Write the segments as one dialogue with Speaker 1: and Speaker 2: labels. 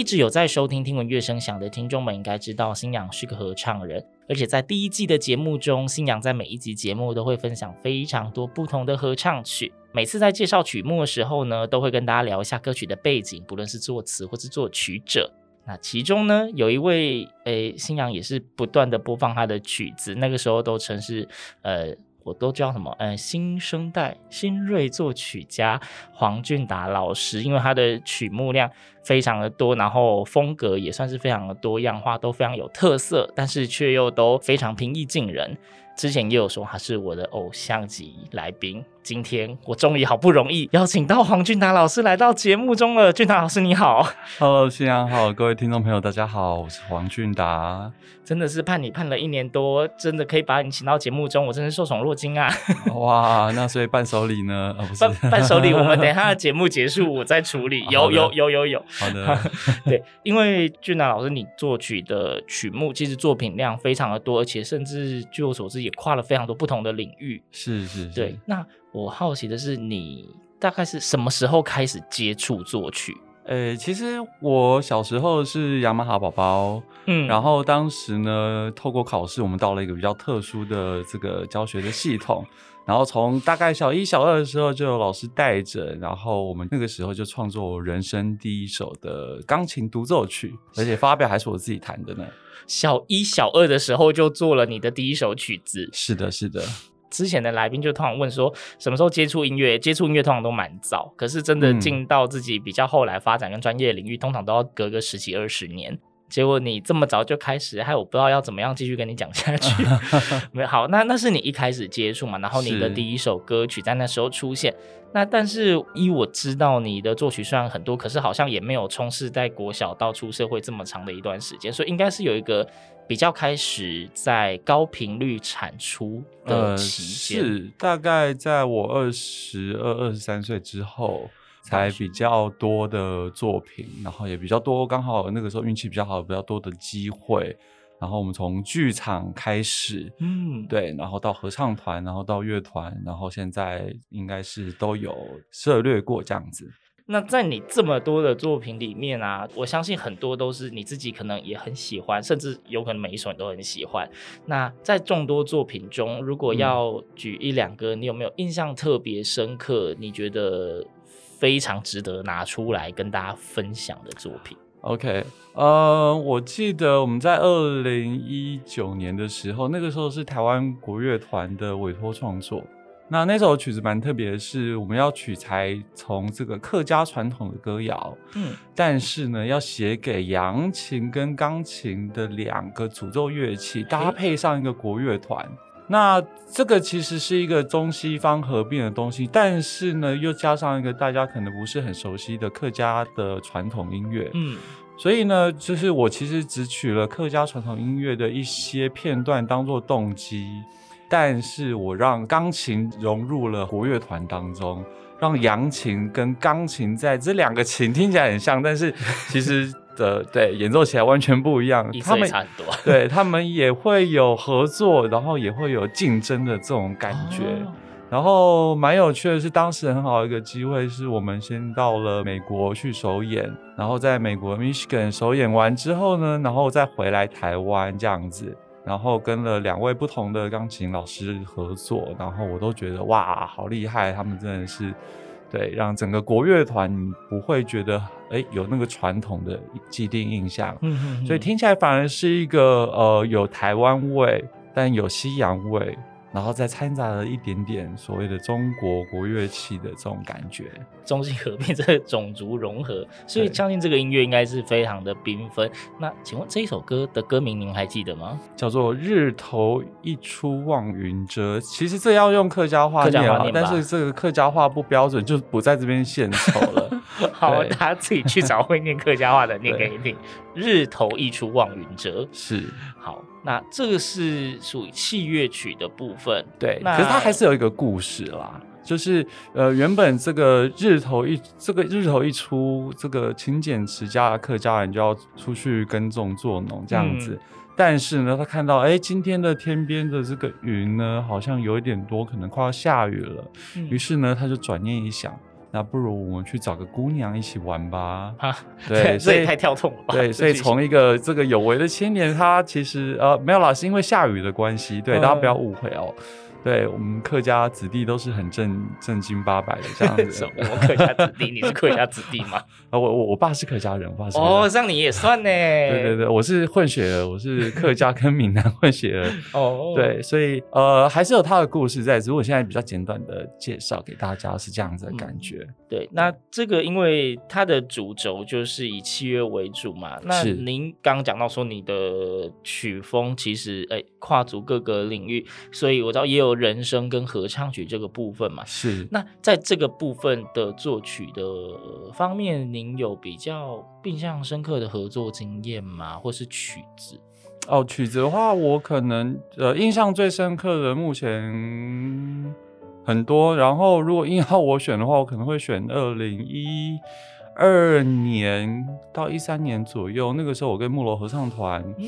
Speaker 1: 一直有在收聽《聽文樂聲饗》的聽眾們應該知道，星洋是個合唱人，而且在第一季的節目中，星洋在每一集節目都會分享非常多不同的合唱曲。每次在介紹曲目的時候呢，都會跟大家聊一下歌曲的背景，不論是作詞或是作曲者。那其中呢，有一位誒，星洋也是不斷地播放他的曲子，那個時候都稱是呃。我都叫什麼？嗯，新生代新銳作曲家黃俊達老師，因為他的曲目量非常的多，然後風格也算是非常的多樣化，都非常有特色，但是卻又都非常平易近人。之前也有說他是我的偶像級來賓。今天我終於好不容易邀請到黃俊達老師來到節目中了。俊達老師你好，Hello，星洋好，各位聽眾朋友大家好，我是黃俊達。真的是盼你盼了一年多，真的可以把你請到節目中，我真是受寵若驚啊！
Speaker 2: 哇，那所以伴手禮呢？
Speaker 1: 啊、不是伴伴手禮，我們等一下節目結束，我再處理。有有有有有。有有有好的、啊，對，因為俊達老師你作曲的曲目，其實作品量非常的多，而且甚至據我所知也跨了非常多不同的領域。是，是是，對，那。我好奇的是，你大概是什麼時候開始接觸作曲？呃、欸，其實我小時候是雅馬哈寶寶，嗯，然後當時呢，透過考試，我
Speaker 2: 們到了一個比較特殊的這個教學的系統，然後從大概小一小二的時候就有老師帶着，然後我們那個時候就創作人生第一首的
Speaker 1: 鋼琴獨奏曲，而且發表還是我自己彈的呢。小一小二的時候就做了你的第一首曲子，是的，是的。之前的來賓就通常問說，什麼時候接觸音樂？接觸音樂通常都蠻早，可是真的進到自己比較後來發展跟專業領域，嗯、通常都要隔個十幾二十年。結果你這麼早就開始，害我不知道要怎麼樣繼續跟你講下去。沒 好，那那是你一開始接觸嘛？然後你的第一首歌曲在那時候出現。那但是，依我知道你的作曲雖然很多，可是好像也沒有充實在國小到出社會這麼長的一段時間，所以應該是有一個比較開始在高頻率產出的期間。
Speaker 2: 呃，是大概在我二十二、二十三歲之後才比較多的作品，然後也比較多，剛好那個時候運氣比較好，比較多的機會。然後我們從劇場開始，嗯，對，然後到合唱團，然後到樂團，然後現在應該是都有涉略過這樣子。
Speaker 1: 那在你這麼多的作品裡面啊，我相信很多都是你自己可能也很喜歡，甚至有可能每一首你都很喜歡。那在眾多作品中，如果要舉一兩個，你有沒有印象特別深刻？你覺得非常值得拿出來跟大家分享的作品？
Speaker 2: OK，呃，我記得我們在二零一九年的時候，那個時候是台灣國樂團的委託創作。那那首曲子蠻特別的，是我們要取材從這個客家傳統的歌謠，嗯，但是呢，要寫給揚琴跟鋼琴的兩個主奏樂器搭配上一個國樂團。那這個其實是一個中西方合併的東西，但是呢，又加上一個大家可能不是很熟悉的客家的傳統音樂，嗯，所以呢，就是我其實只取了客家傳統音樂的一些片段當做動機，但是我讓鋼琴融入了國樂團當中。讓揚琴跟鋼琴在這兩個琴聽起來很像，但是其實的、 呃、對演奏起來完全不一樣。 他們 對他們也會有合作，然後也會有競爭的這種感覺。Oh. 然後蠻有趣的是，當時很好的一個機會是，我們先到了美國去首演，然後在美國 Michigan 首演完之後呢，然後再回來台灣這樣子。然後跟了兩位不同的鋼琴老師合作，然後我都覺得哇，好厲害！他們真的是對，讓整個國樂團不會覺得誒有那個傳統的既定印象，嗯、哼哼，所以聽起來反而是一個呃有台灣味，但有西洋味。然後再摻雜了一點點所謂的中國國樂
Speaker 1: 器的這種感覺，中西合璧，這個種族融合，所以相信這個音樂應該是非常的繽紛。對那請問這一首歌的歌名您還記得嗎？叫做《日
Speaker 2: 頭一出望雲遮》。其實這要用客家話講啊，但是這個客家話不標準，就不在這邊獻醜了。
Speaker 1: 好，對大家自己去找會念客家話的念給你聽對日頭一出望雲遮”。是，好，那這個是屬於器樂曲的部分。對，那可是它還
Speaker 2: 是有一個故事啦，就是呃，原本這個日頭一 這個日頭一出，這個勤儉持家的客家人就要出去耕種做農這樣子。嗯、但是呢，他看到哎、欸，今天的天邊的這個雲呢，好像有一點多，可能快要下雨了。於、嗯、是呢，他就轉念一想。那不如我們去找個姑娘一起玩吧。啊，對，對，所以太跳痛了吧？對，所以從一個這個有為的青年，他其實呃沒有啦，是因為下雨的關係。對，嗯，大家不要誤會哦。對，我們客家子弟都是很正正經八百的，這樣子。 我客家子弟， 你是客家子弟嗎？啊，我我我爸是客家人，我爸是。哦，
Speaker 1: 這樣你也算呢？ 對對
Speaker 2: 對，我是混血兒，我是客家跟閩南混血兒。 哦，哦。對，所以，呃，還是有他的故事在。只是我現在比較簡短的介紹給大家，是這樣子的感覺。嗯
Speaker 1: 對，那這個因為它的主軸就是以器樂為主嘛。是那您剛剛講到說你的曲風其實誒、欸、跨足各個領域，所以我知道也有人聲跟合唱曲這個部分嘛。是。那在這個部分的作曲的方面，您有比較印象深刻的合作經驗嗎？或是曲子？哦，曲子的話，我可能
Speaker 2: 呃印象最深刻的目前，很多，然後如果硬要我選的話，我可能會選二零一二年到一三年左右，那個時候我跟木樓合唱團，嗯，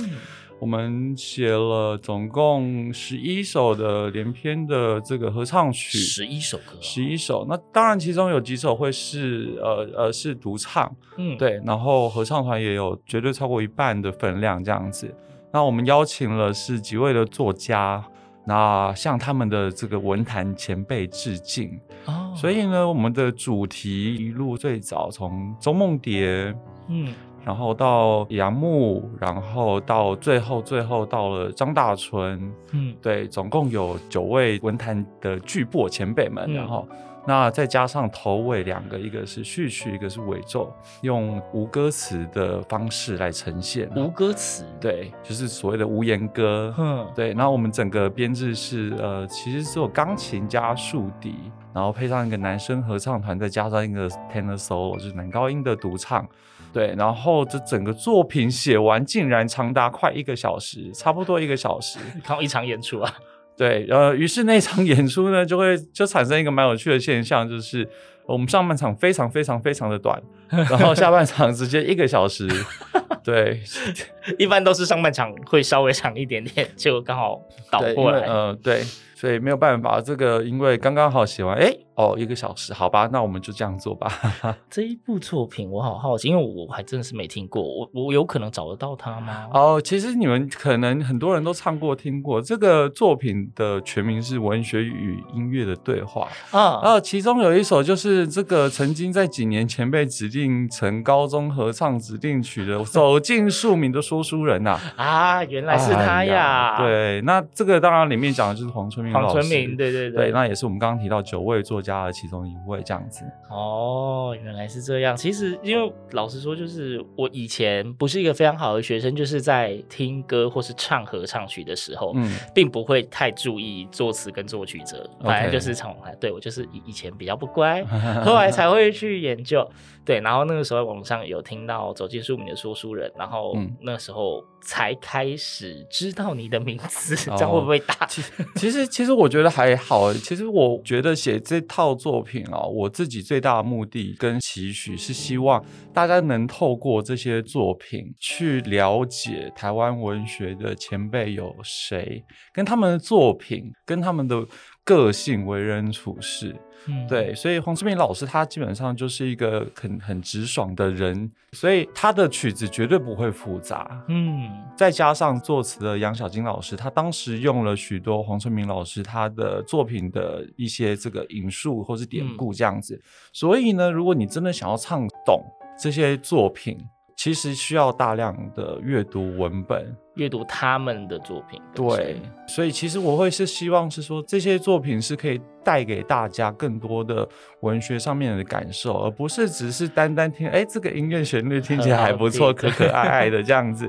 Speaker 2: 我們寫了總共十一首的連篇的這個合唱曲，十一首歌，哦，十一首。那當然其中有幾首會是呃呃是獨唱，嗯，對，然後合唱團也有絕對超過一半的分量這樣子。那我們邀請了是幾位的作家。那向他們的這個文壇前輩致敬，oh. 所以呢，我們的主題一路最早從周夢蝶，嗯，oh. 然後到楊牧，然後到最後，最後到了張大春，嗯，oh. 對，總共有九位文壇的巨擘前輩們，oh. 然後。那再加上頭尾兩個，一個是序曲，一個是尾奏，用無歌詞的方式來呈現。無歌詞，對，就是所謂的無言歌。嗯呵，對。那我們整個編制是呃，其實只有鋼琴加豎笛，然後配上一個男生合唱團，再加上一個 tenor solo，就是男高音的獨唱。對，然後這整個作品寫完竟然長達快一個小時，差不多一個小時， 你看我一場演出啊。對，然後，於是那場演出呢，就會就產生一個蠻有趣的現象，就是我們上半場非常非常非常的短， 然後下半場直接一個小時， 對。
Speaker 1: 一般都是上半場會稍微長一點點，結果剛好倒過來。嗯、呃，
Speaker 2: 對，所以沒有辦法，這個因為剛剛好寫完，哎、欸，哦，一個小
Speaker 1: 時，好吧，那我們就這樣做吧。呵呵。這一部作品我好好奇，因為我還真的是沒聽過，我我有可能找得到它嗎？
Speaker 2: 哦，其實你們可能很多人都唱過聽過，這個作品的全名是《文學與音樂的對話》
Speaker 1: 啊、嗯，然後其中
Speaker 2: 有一首就是這個曾經在幾年前被指定成高中合唱指定曲的，走名的《走進庶民的》。說書人吶
Speaker 1: 啊，啊，原來是他呀、哎、呀！
Speaker 2: 對，那這個當然裡面講的就是黃春明黃春明，對對對，對，那也是我們剛剛提到九位作家的其中一位這樣子。
Speaker 1: 哦，原來是這樣。其實因為老實說，就是我以前不是一個非常好的學生，就是在聽歌或是唱合唱曲的時候，嗯、並不會太注意作詞跟作曲者，反正就是從來 Okay 對，我就是以前比較不乖，後來才會去研究。 對，然後那個時候網上有聽到走進庶民的說書人，然後那個。時候才開始知道你的名字，這樣會不會打、
Speaker 2: 哦？其實，其實我覺得還好。 其實，我覺得寫這套作品啊、哦，我自己最大的目的跟期許是希望大家能透過這些作品去了解台灣文學的前輩有誰，跟他們的作品，跟他們的。個性為人處事，嗯，對，所以黃春明老師他基本上就是一個很很直爽的人，所以他的曲子絕對不會複雜，
Speaker 3: 嗯，
Speaker 2: 再加上作詞的楊小金老師，他當時用了許多黃春明老師他的作品的一些這個引述或是典故這樣子，嗯，所以呢，如果你真的想要唱懂這些作品。其實需要大量的閱讀文本，
Speaker 1: 閱讀他們的作品。對，
Speaker 2: 所以其實我會是希望是說，這些作品是可以帶給大家更多的文學上面的感受，而不是只是單單聽，哎、欸，這個音樂旋律聽起來還不錯， 可可愛愛的這樣子，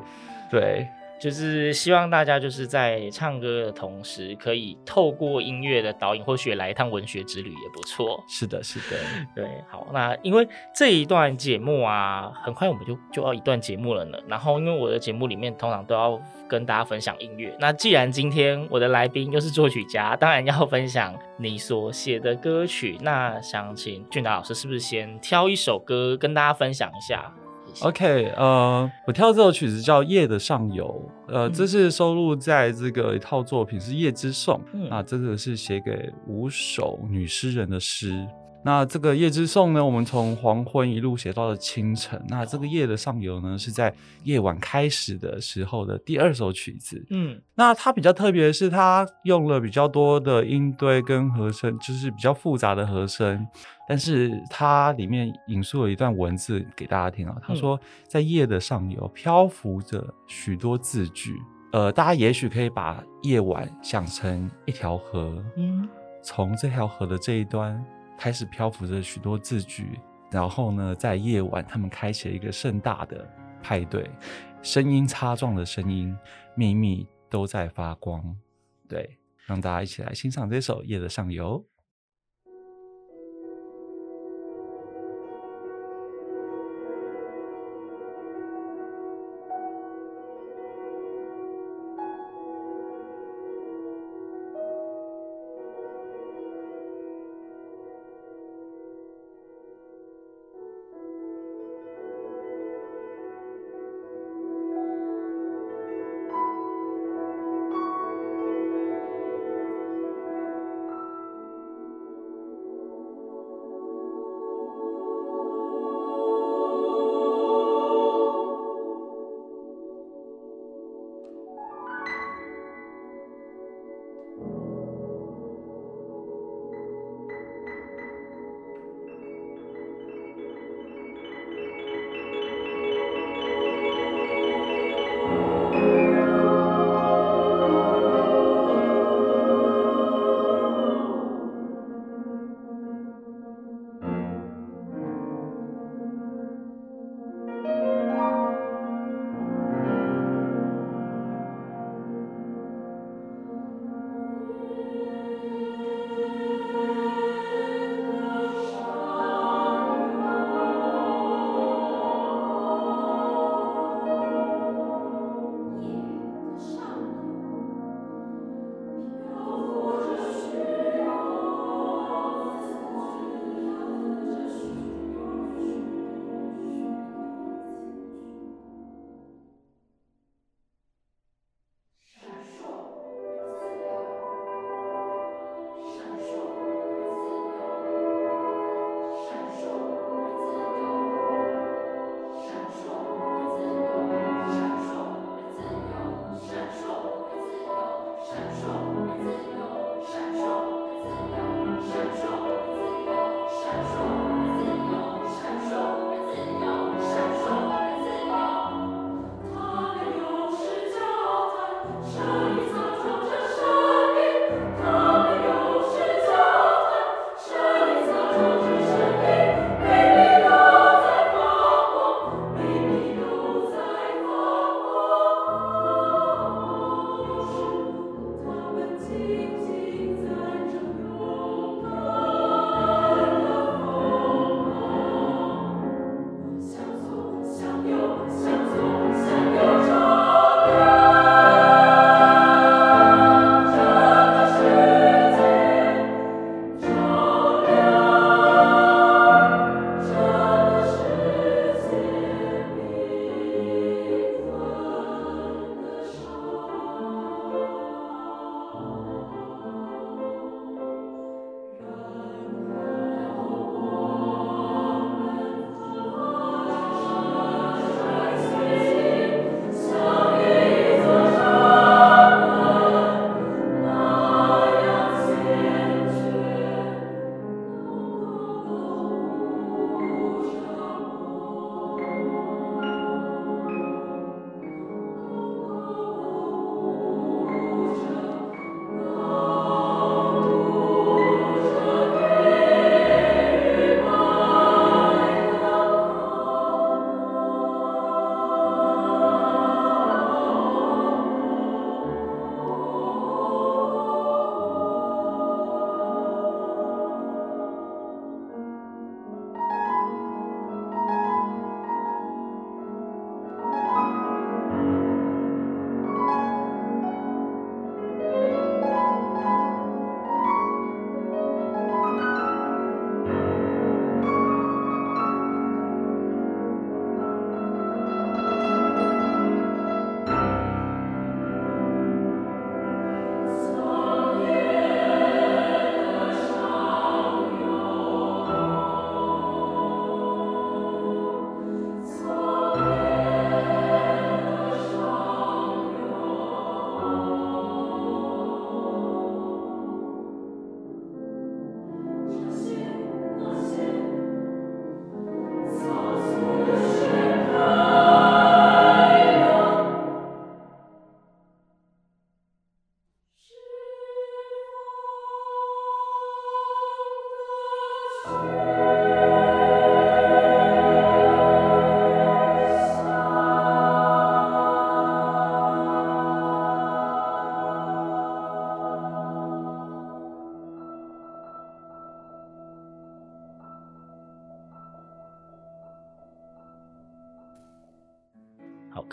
Speaker 2: 對。
Speaker 1: 就是希望大家就是在唱歌的同時，可以透過音樂的導引，或許也來一趟文學之旅也不錯。是的，是的，對，好，那因為這一段節目啊，很快我們就就要一段節目了呢。然後，因為我的節目裡面通常都要跟大家分享音樂，那既然今天我的來賓又是作曲家，當然要分享你所寫的歌曲。那想請俊達老師，是不是先挑一首歌跟大家分享一下？
Speaker 2: OK，呃，我挑這首曲子叫《夜的上游》，呃，嗯、這是收錄在這個一套作品是《夜之頌》啊，嗯、這個是寫給五首女詩人的詩。那這個夜之頌呢？我們從黃昏一路寫到了清晨。那這個夜的上游呢，是在夜晚開始的時候的第二首曲子。嗯，那它比較特別的是，它用了比較多的音堆跟和聲，就是比較複雜的和聲。但是它裡面引述了一段文字給大家聽啊。他說，在夜的上游漂浮着許多字句。呃，大家也許可以把夜晚想成一條河。嗯，從這條河的這一端。開始漂浮着許多字句，然後呢，在夜晚，他們開啟了一個盛大的派對，聲音、擦撞的聲音，秘密都在發光，對，讓大家一起來欣賞這首《夜的上游》。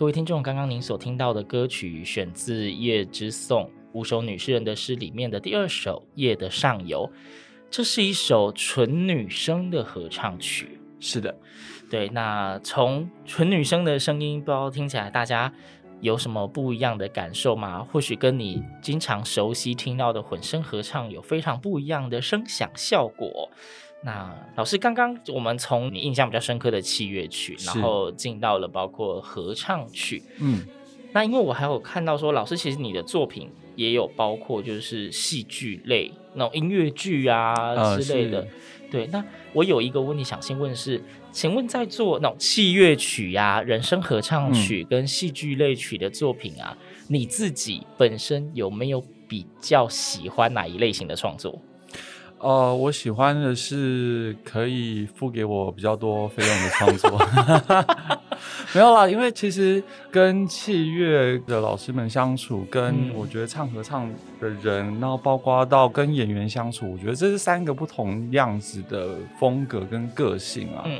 Speaker 1: 各位聽眾，剛剛您所聽到的歌曲選自《夜之頌》五首女詩人的詩裡面的第二首《夜的上游》，這是一首純女聲的合唱曲。是的，對。那從純女聲的聲音，不知道聽起來大家有什麼不一樣的感受嗎？或許跟你經常熟悉聽到的混聲合唱有非常不一樣的聲響效果。那老師，剛剛我們從你印象比較深刻的器樂曲，是然後進到了包括合唱曲，嗯，那因為我還有看到說，老師其實你的作品也有包括就是戲劇類那種音樂劇啊，啊之類的，是對。那我有一個問題想先問是，請問在做那種器樂曲呀、啊、人聲合唱曲跟戲劇類曲的作品啊，嗯、你自己本身有沒有比較喜歡哪一類型的創作？呃，我喜歡的是
Speaker 2: 可以付給我比較多費用的創作， 沒有啦，因為其實跟器樂的老師們相處，跟我覺得唱合唱的人，嗯、然後包括到跟演員相處，我覺得這是三個不同樣子的風格跟個性啊。嗯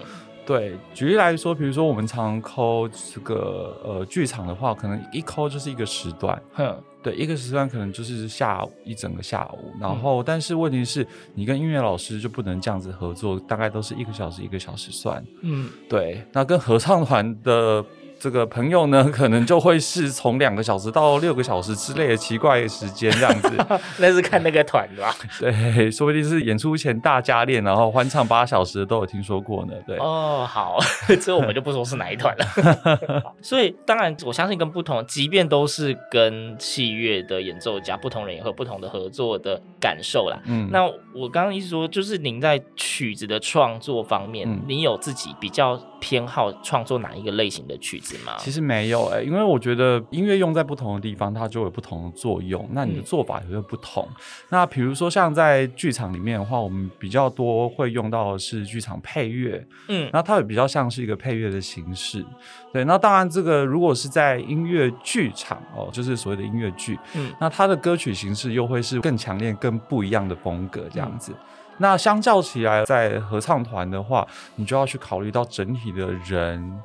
Speaker 2: 對，舉例來說，比如說我們常 call 這個呃劇場的話，可能一 call 就是一個時段，哼呵，對，一個時段可能就是下午一整個下午，然後、嗯、但是問題是，你跟音樂老師就不能這樣子合作，大概都是一個小時一個小時算，嗯，對，那跟合唱團的。這個朋友呢，可能就會是從兩個小時到六個小時之類的奇怪時間這樣子，
Speaker 1: 那是看那個團吧？
Speaker 2: 對，說不定是演出前大家練，然後歡唱八小時都有聽說過呢。
Speaker 1: 對，哦，好，這我們就不說是哪一團了。 所以當然，我相信跟不同，即便都是跟器樂的演奏家，不同人也會有不同的合作的感受啦。嗯，那我剛剛一直說，就是您在曲子的創作方面，您、嗯、有自己比較偏好創作哪一個類型的曲子？
Speaker 2: 其實沒有哎、欸，因為我覺得音樂用在不同的地方，它就有不同的作用。那你的做法也會不同。嗯。那比如說像在劇場裡面的話，我們比較多會用到的是劇場配樂，嗯，那它也比較像是一個配樂的形式。對，那當然這個如果是在音樂劇場哦、喔，就是所謂的音樂劇，嗯，那它的歌曲形式又會是更強烈、更不一樣的風格這樣子。嗯。那相較起來，在合唱團的話，你就要去考慮到整體的人。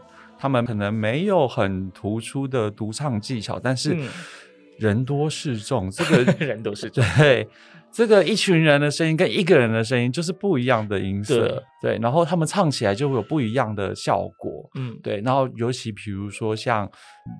Speaker 2: 他們可能沒有很突出的獨唱技巧，但是人多勢眾，嗯、這個 人多勢眾，對，這個一群人的聲音跟一個人的聲音就是不一樣的音色，對、對，然後他們唱起來就會有不一樣的效果，嗯，對，然後尤其比如說像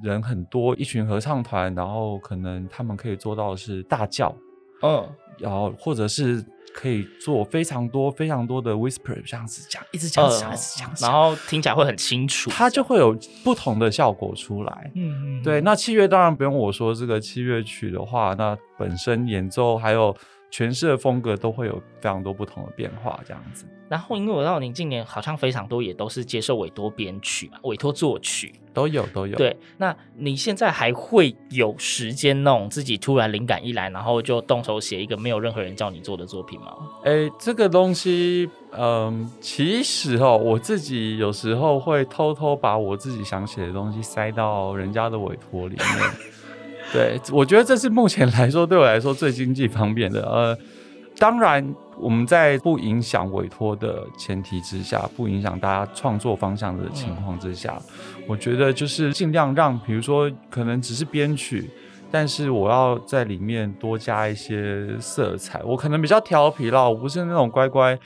Speaker 2: 人很多一群合唱團，然後可能他們可以做到的是大叫，嗯、哦，然後或者是。可以做非常多、非常多的 whisper，這樣子講，一直講，一直講，然
Speaker 1: 後聽起來會很清楚，
Speaker 2: 它就會有不同的效果出來。嗯，嗯嗯，對。那器樂當然不用我說，這個器樂曲的話，那本身演奏還有。詮釋的風格都會有非常多不同的變化，這樣子。
Speaker 1: 然後，因為我知道，您近年好像非常多，也都是接受委託編曲嘛、委託作曲，都有都有。對，那你現在還會有時間弄自己，突然靈感一來，然後就動手寫一個沒有任何人叫你做的作品嗎？
Speaker 2: 哎、欸，這個東西，嗯，其實哦，我自己有時候會偷偷把我自己想寫的東西塞到人家的委託裡面。 對，我覺得這是目前來說對我來說最經濟方便的。呃，當然，我們在不影響委托的前提之下，不影響大家創作方向的情況之下，我覺得就是盡量讓，比如說，可能只是編曲。但是我要在裡面多加一些色彩，我可能比較調皮了，我不是那種乖乖，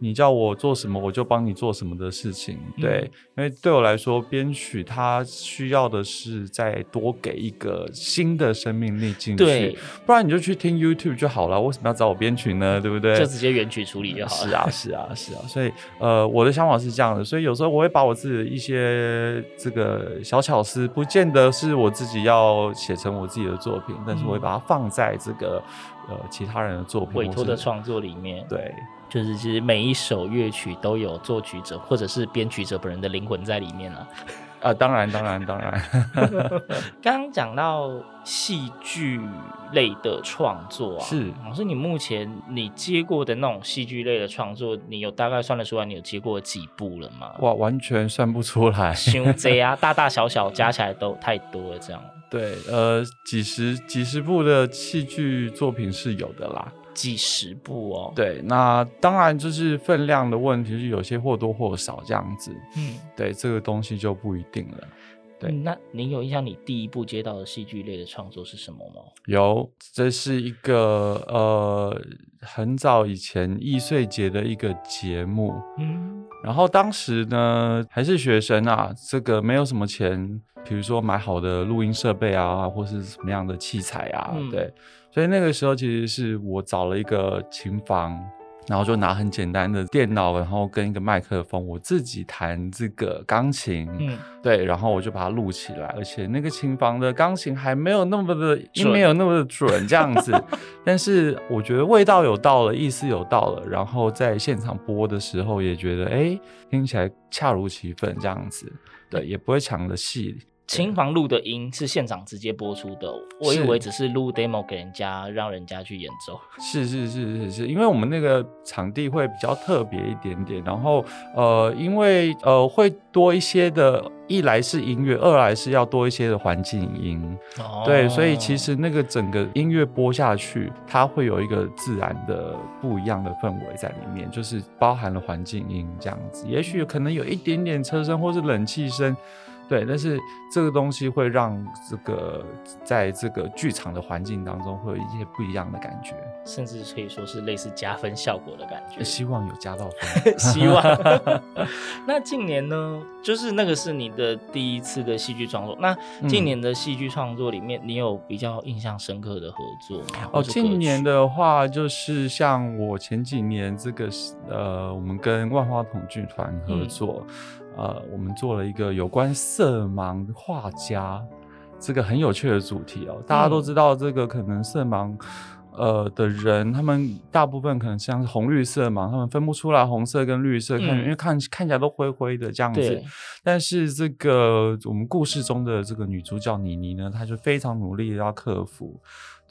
Speaker 2: 你叫我做什麼我就幫你做什麼的事情，嗯、對，因為對我來說編曲它需要的是再多給一個新的生命力進去，對不然你就去聽 YouTube 就好了，為什麼要找我編曲呢？對不對？就直
Speaker 1: 接原曲處理就好了。是啊，是啊，是啊，是啊，所
Speaker 2: 以呃，我的想法是這樣的，所以有時候我會把我自己的一些這個小巧思，不見得是我自己要寫成我自己的。的作品，但是我會把它放在這個、
Speaker 1: 嗯、呃，其他人的作品委托的創作裡面。對，就是其實每一首樂曲都有作曲者或者是編曲者本人的靈魂在裡面了、啊。啊，當然，當然，當
Speaker 3: 然。剛
Speaker 1: 剛講到戲劇類的創作啊，是，老師，你目前你接過的那種戲劇類的創作，你有大概算得出來你有接過幾部了嗎？
Speaker 2: 哇，完全算不出來，因為這
Speaker 1: 樣大大小小加起來都太多了，這樣。對，
Speaker 2: 呃，幾十幾十部的戲劇作品是有的啦，幾十部哦。對，那當然就是分量的問題，是有些或多或少這樣子。嗯，對，這個東西就不一定了。
Speaker 1: 那你有印象，你第一部接到的戲劇類的創作是什麼嗎？
Speaker 2: 有，這是一個呃，很早以前藝穗節的一個節目。嗯，然後當時呢還是學生啊，這個沒有什麼錢，比如說買好的錄音設備啊，或是什麼樣的器材啊，嗯、對。所以那個時候其實是我找了一個琴房。然後就拿很簡單的電腦，然後跟一個麥克風，我自己彈這個鋼琴，嗯，對，然後我就把它錄起來，而且那個琴房的鋼琴還沒有那麼的，音準沒有那麼的準，這樣子。 但是我覺得味道有到了，意思有到了，然後在現場播的時候也覺得，哎，聽起來恰如其分，這樣子，對，也不會搶了戲。
Speaker 1: 琴房錄的音是現場直接播出的，是我以為只是錄 demo 給人家，讓人家去演奏。
Speaker 2: 是是是是是，因為我們那個場地會比較特別一點點，然後呃，因為呃會多一些的，一來是音樂，二來是要多一些的環境音。哦、對，所以其實那個整個音樂播下去，它會有一個自然的不一樣的氛圍在裡面，就是包含了環境音這樣子，也許可能有一點點車聲或是冷氣聲。對，但是這個東西會讓這個在這個劇場的環境當中，會有一些不一樣
Speaker 1: 的感覺，甚至可以說是類似加分效果的感覺。希望有加到分， 希望。 那近年呢，就是那個是你的第一次的戲劇創作。那近年的戲劇創作裡面，嗯、你有比較印象深刻的合作嗎？哦，近
Speaker 2: 年的話，就是像我前幾年這個呃，我們跟萬花筒劇團合作。嗯呃，我們做了一個有關色盲畫家這個很有趣的主題哦。大家都知道，這個可能色盲、嗯、呃的人，他們大部分可能像是紅綠色盲，他們分不出來紅色跟綠色，因為、嗯、看看，看起來都灰灰的這樣子。嗯、但是這個我們故事中的這個女主角妮妮呢，她就非常努力地要克服。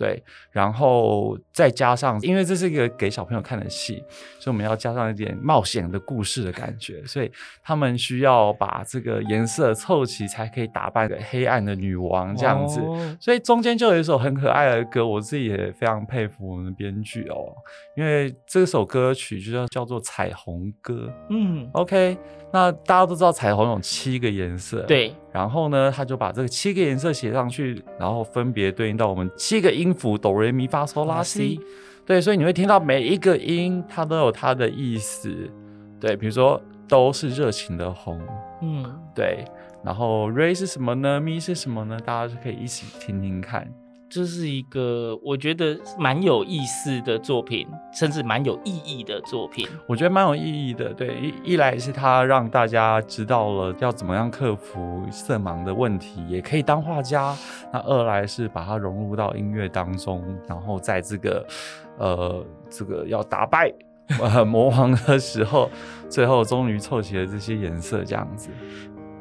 Speaker 2: 對，然後再加上，因為這是一個給小朋友看的戲，所以我們要加上一點冒險的故事的感覺，所以他們需要把這個顏色湊齊，才可以打扮的黑暗的女王這樣子。哦、所以中間就有一首很可愛的歌，我自己也非常佩服我們的編劇哦，因為這首歌曲就叫叫做《彩虹歌》
Speaker 3: 嗯。嗯
Speaker 2: ，OK。那大家都知道彩虹有七個顏色，對。然後呢，他就把這個七個顏色寫上去，然後分別對應到我們七個音符哆瑞咪發嗦拉西，嗯、對。所以你會聽到每一個音，它都有它的意思，對。比如說都是熱情的紅，嗯，對。然後瑞是什麼呢？咪是什麼呢？大家就可以一起聽聽看。
Speaker 1: 這是一個我覺得蠻有意思的作品，甚至蠻有意義的作品。我覺得蠻有意義的，對。
Speaker 2: 一來是它讓大家知道了要怎麼樣克服色盲的問題，也可以當畫家；那二來是把它融入到音樂當中，然後在這個呃這個要打敗呃魔王的時候，
Speaker 1: 最後終於湊齊了這些顏色，這樣子。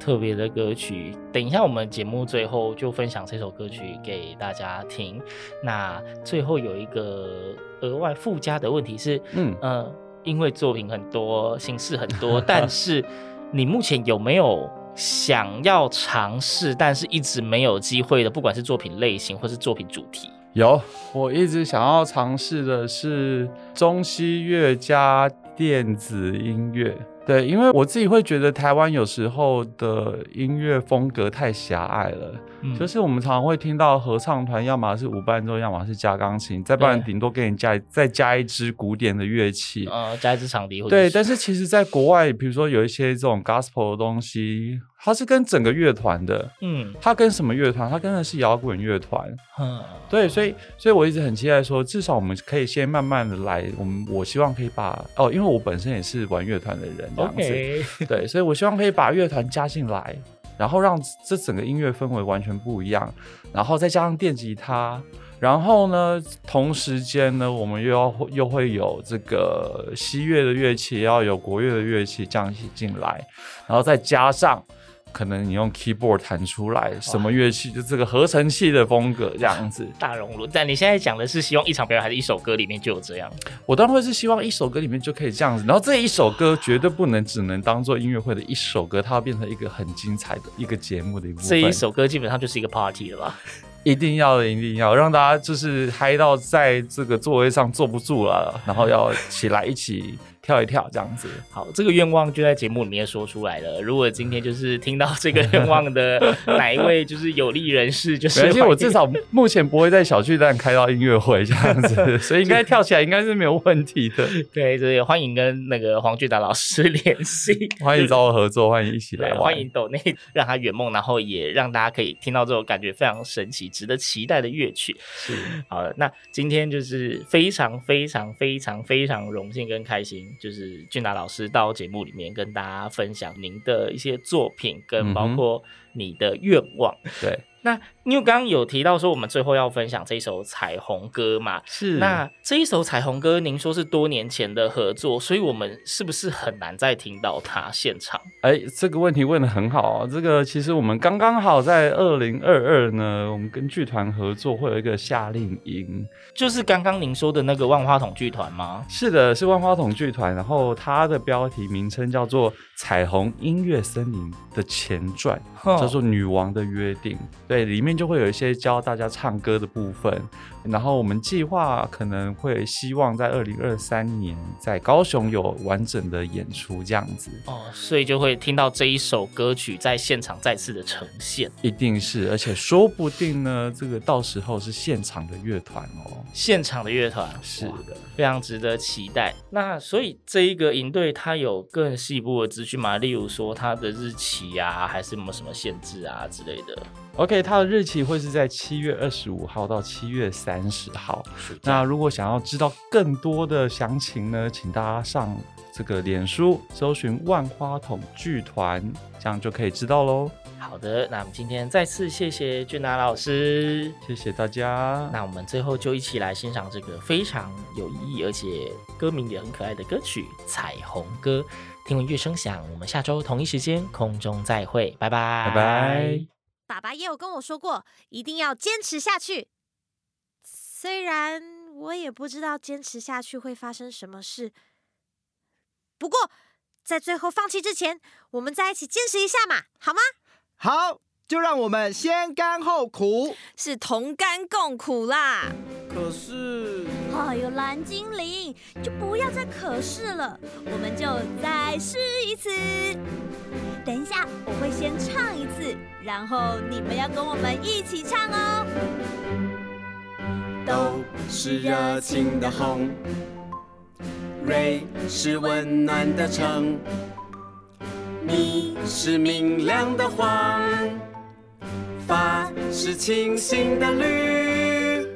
Speaker 1: 特別的歌曲，等一下我們節目最後就分享這首歌曲給大家聽。那最後有一個額外附加的問題是，嗯呃，因為作品很多，形式很多， 但是你目前有沒有想要嘗試但是一直沒有機會的，不管是作品類型或是作品主題？有，我一直想要嘗試的是中西樂加電子音樂。
Speaker 2: 對，因為我自己會覺得台灣有時候的音樂風格太狹隘了，嗯、就是我們常常會聽到合唱團，要麼是無伴奏，要麼是加鋼琴，再不然頂多給你加對再加一支古典的樂器，
Speaker 1: 呃，加一支長笛，就是。對，但是
Speaker 2: 其實在國外，比如說有一些這種 gospel 的東西。他是跟整個樂團的，嗯，他跟什麼樂團？他跟的是搖滾樂團，
Speaker 3: 嗯、
Speaker 2: 對，所以，所以我一直很期待說，至少我們可以先慢慢的來，我們我希望可以把哦，因為我本身也是玩樂團的人這樣子。嗯、對，所以我希望可以把樂團加進來，然後讓這整個音樂氛圍完全不一樣，然後再加上電吉他，然後呢，同時間呢，我們又要又會有這個西樂的樂器，要有國樂的樂器這樣子進來，然後再加上。可能你用 keyboard 彈出來什麼樂器，哇就這個合成器的風格這樣子。
Speaker 1: 大熔爐，但你現在講的是希望一場表演，還是一首歌裡面就有這樣？
Speaker 2: 我當然會是希望一首歌裡面就可以這樣子，然後這一首歌絕對不能只能當做音樂會的一首歌，啊、它要變成一個很精彩的一個節目的一部分。這一首歌基本上就是一個 party 了吧？一定要的，一定要讓大家就是嗨到在
Speaker 1: 這個座位上坐不住了，然後要起來一起。 跳一跳，這樣子。好，這個願望就在節目裡面說出來了。如果今天就是聽到這個願望的哪一位就是有力人士， 就是，而且我至少
Speaker 2: 目前不會在小巨蛋開到音樂會這樣子， 所以應該
Speaker 1: 跳起來應該是沒有問題的。對，所以歡迎跟那個黃俊達老師聯繫， 歡迎找我合作，歡迎一起來對，歡迎抖內讓他圓夢，然後也讓大家可以聽到這種感覺非常神奇、值得期待的樂曲。
Speaker 3: 是，
Speaker 1: 好的，那今天就是非常、非常、非常、非常榮幸跟開心。就是俊達老師到節目裡面跟大家分享您的一些作品，跟包括你的願望，對。那因為剛剛有提到說我們最後要分享這一首彩虹歌嘛，是那這一首彩虹歌，您說是多年前的合作，所以我們是不是很難再聽到它現場？
Speaker 2: 哎、欸，這個問題問得很好啊！這個其實我們剛剛好在二零二二呢，我們跟劇團合作會有一個夏令營，
Speaker 1: 就是剛剛您說的那個萬花筒劇團嗎？
Speaker 2: 是的，是萬花筒劇團，然後它的標題名稱叫做《彩虹音樂森林》的前傳，叫做《女王的約定》。對，裡面就會有一些教大家唱歌的部分，然後我們計劃可能會希望在二零二三年在高雄有完整的演出這樣子
Speaker 1: 哦，所以就會聽到這一首歌曲在現場再次的呈現，
Speaker 2: 一定是，而且說不定呢，這個到時候是現場的樂團哦，
Speaker 1: 現場的樂團是的，非常值得期待。那所以這一個營隊它有更細部的資訊嗎？例如說它的日期呀、啊，還是有沒有什麼限制啊之類的？
Speaker 2: OK，它的日期會是在七月二十五號到七月三十號。是。那如果想要知道更多的詳情呢，請大家上這個臉書搜
Speaker 1: 尋“萬花筒劇團”，這樣就可以知道嘍。好的，那我們今天再次謝謝俊達老師，謝謝大家。那我們最後就一起來欣賞這個非常有意義，而且歌名也很可愛的歌曲《彩虹歌》。聽文樂聲饗，我們下周同一時間空中再會，拜拜，拜拜。爸爸也有跟我說過，一定要堅持下去。雖然我也不知道堅持下去會發生什麼事，不過在最後放棄之前，我們在一起堅持一下嘛，好嗎？好。就讓我們先甘後苦，是同甘共苦啦。可是，
Speaker 3: 哎、哦、呦，藍精靈就不要再可是了，我們就再試一次。等一下，我會先唱一次，然後你們要跟我們一起唱哦。都是熱情的紅，瑞是溫暖的橙，蜜是明亮的黃。發是清新的綠，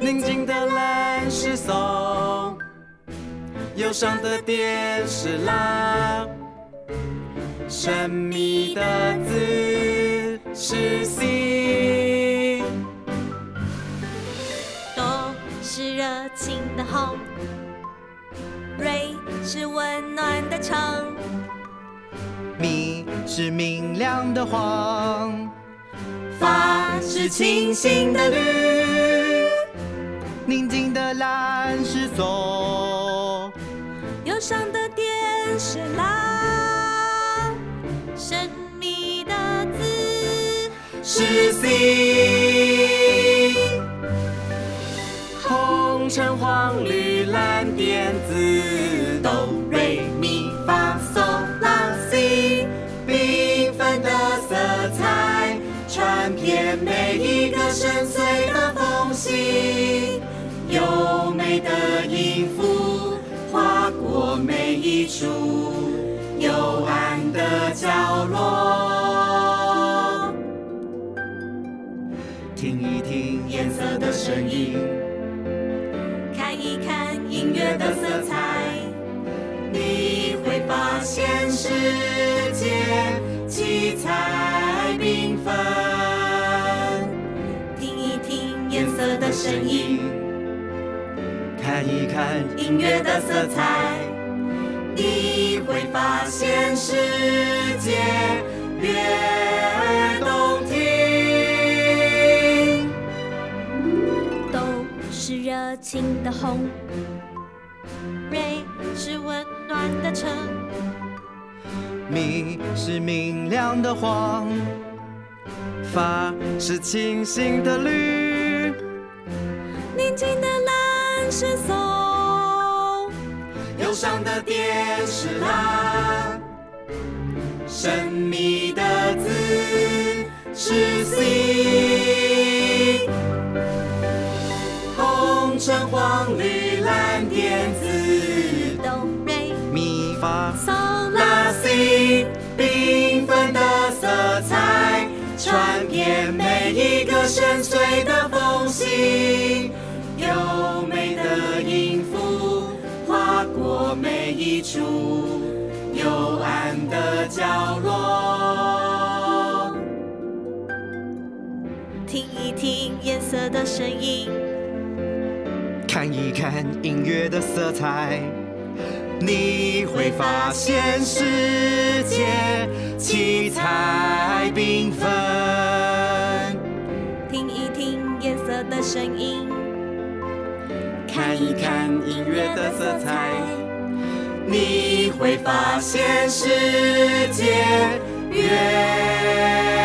Speaker 3: 寧靜的藍是松，憂傷的電是拉，神秘的紫是星。多是熱情的紅，瑞是溫暖的橙，咪是明亮的黃。是清新的綠，寧靜的藍是棕，憂傷的靛是藍，神秘的紫是 C。紅橙黃綠藍靛紫。 深邃的縫隙，優美的音符劃過每一處幽暗的角落。聽一聽顏色的聲音，看一看音樂的色彩，色彩你會發現世界七彩。聲音，看一看音樂的色彩，你會發現世界悅耳動聽。都是熱情的紅，瑞是溫暖的橙，明是明亮的黃，發是清新的綠。冷靜的藍是嗦，憂傷的靛是啦，神秘的紫是 C，紅橙黃綠藍靛紫，哆瑞咪發嗦啦西，C, 繽紛的色彩，傳遍每一個深邃的縫隙。角落，聽一聽顏色的聲音，看一看音樂的色彩，你會發現世界七彩繽紛。聽一聽顏色的聲音，看一看音樂的色彩。你會發現世界遠。